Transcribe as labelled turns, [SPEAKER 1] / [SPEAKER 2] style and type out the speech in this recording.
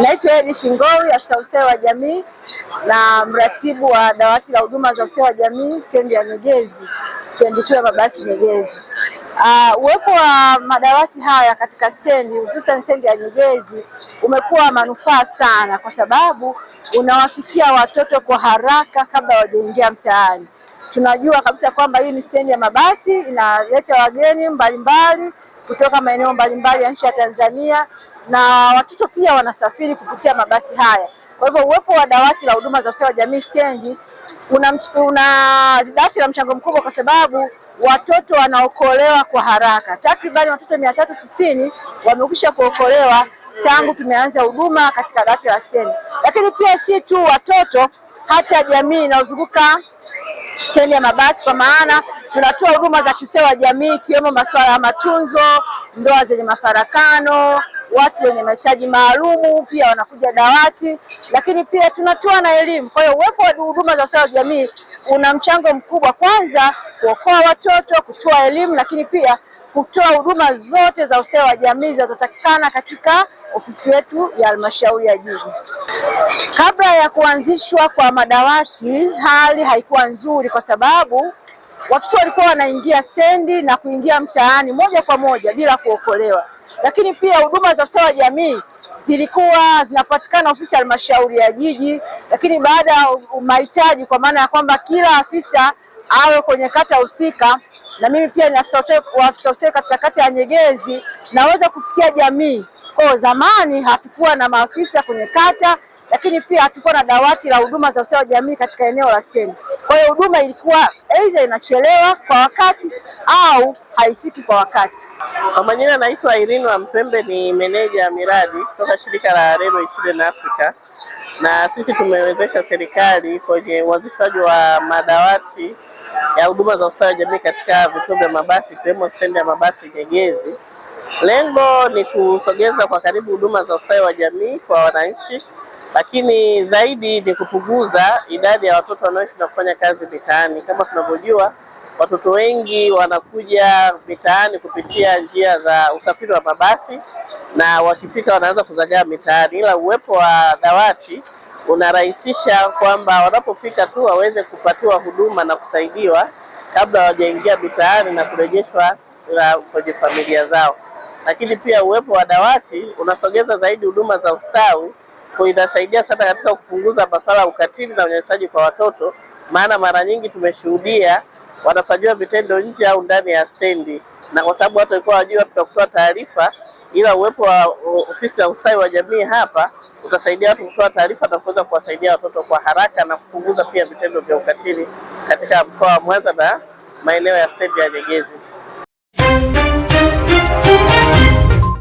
[SPEAKER 1] Naitwa Edith Ngowi, afisa ustawi wa jamii na mratibu wa dawati la huduma za ustawi wa jamii stendi ya Nyegezi, stendi kuu ya mabasi Nyegezi. Ah, uwepo uh, wa madawati haya katika stendi hususan stendi ya Nyegezi umekuwa manufaa sana, kwa sababu unawafikia watoto kwa haraka kabla hawajaingia mtaani tunajua kabisa kwamba hii ni stendi ya mabasi inaleta wageni mbalimbali kutoka maeneo mbalimbali ya nchi ya Tanzania, na watoto pia wanasafiri kupitia mabasi haya. Kwa hivyo uwepo wa dawati la huduma za ustawi wa jamii stendi una, una dawati la mchango mkubwa kwa sababu watoto wanaokolewa kwa haraka. Takribani watoto mia tatu tisini wamekwisha kuokolewa tangu tumeanza huduma katika dawati la stendi, lakini pia si tu watoto, hata jamii inayozunguka stendi ya mabasi, kwa maana Tunatoa huduma za kiustawi wa jamii ikiwemo masuala ya matunzo, ndoa zenye mafarakano, watu wenye mahitaji maalumu pia wanakuja dawati, lakini pia tunatoa na elimu. Kwa hiyo uwepo wa huduma za ustawi wa jamii una mchango mkubwa, kwanza kuokoa watoto, kutoa elimu, lakini pia kutoa huduma zote za ustawi wa jamii zinazotakikana katika ofisi yetu ya halmashauri ya jiji. Kabla ya kuanzishwa kwa madawati, hali haikuwa nzuri kwa sababu watoto walikuwa wanaingia stendi na kuingia mtaani moja kwa moja bila kuokolewa. Lakini pia huduma za ustawi wa jamii zilikuwa zinapatikana ofisi ya halmashauri ya jiji, lakini baada ya mahitaji, kwa maana ya kwamba kila afisa awe kwenye kata husika, na mimi pia ni afisa ustawi katika kata ya Nyegezi, naweza kufikia jamii. Kwa zamani hatukuwa na maafisa kwenye kata lakini pia hatukuwa na dawati la huduma za ustawi wa jamii katika eneo la stendi. Kwa hiyo huduma ilikuwa aidha inachelewa kwa wakati au haifiki kwa wakati.
[SPEAKER 2] Kwa majina anaitwa Irene wa Mpembe, ni meneja ya miradi kutoka shirika la Railway Children Africa, na sisi tumewezesha serikali kwenye uanzishaji wa madawati ya huduma za ustawi wa jamii katika vituo vya mabasi ikiwemo stendi ya mabasi Nyegezi. Lengo ni kusogeza kwa karibu huduma za ustawi wa jamii kwa wananchi, lakini zaidi ni kupunguza idadi ya watoto wanaoishi na kufanya kazi mitaani. Kama tunavyojua, watoto wengi wanakuja mitaani kupitia njia za usafiri wa mabasi, na wakifika wanaanza kuzagaa mitaani, ila uwepo wa dawati unarahisisha kwamba wanapofika tu waweze kupatiwa huduma na kusaidiwa kabla hawajaingia mitaani na kurejeshwa uh, kwenye familia zao. Lakini pia uwepo wa dawati unasogeza zaidi huduma za ustawi, kwa inasaidia sana katika kupunguza masuala ya ukatili na unyanyasaji kwa watoto, maana mara nyingi tumeshuhudia wanafanyiwa vitendo nje au ndani ya stendi, na kwa sababu watu walikuwa wajua tutakutoa taarifa ila uwepo wa ofisi ya ustawi wa jamii hapa utasaidia watu kutoa taarifa na kuweza kuwasaidia watoto kwa haraka na kupunguza pia vitendo vya ukatili katika mkoa wa Mwanza na maeneo ya stendi ya Nyegezi.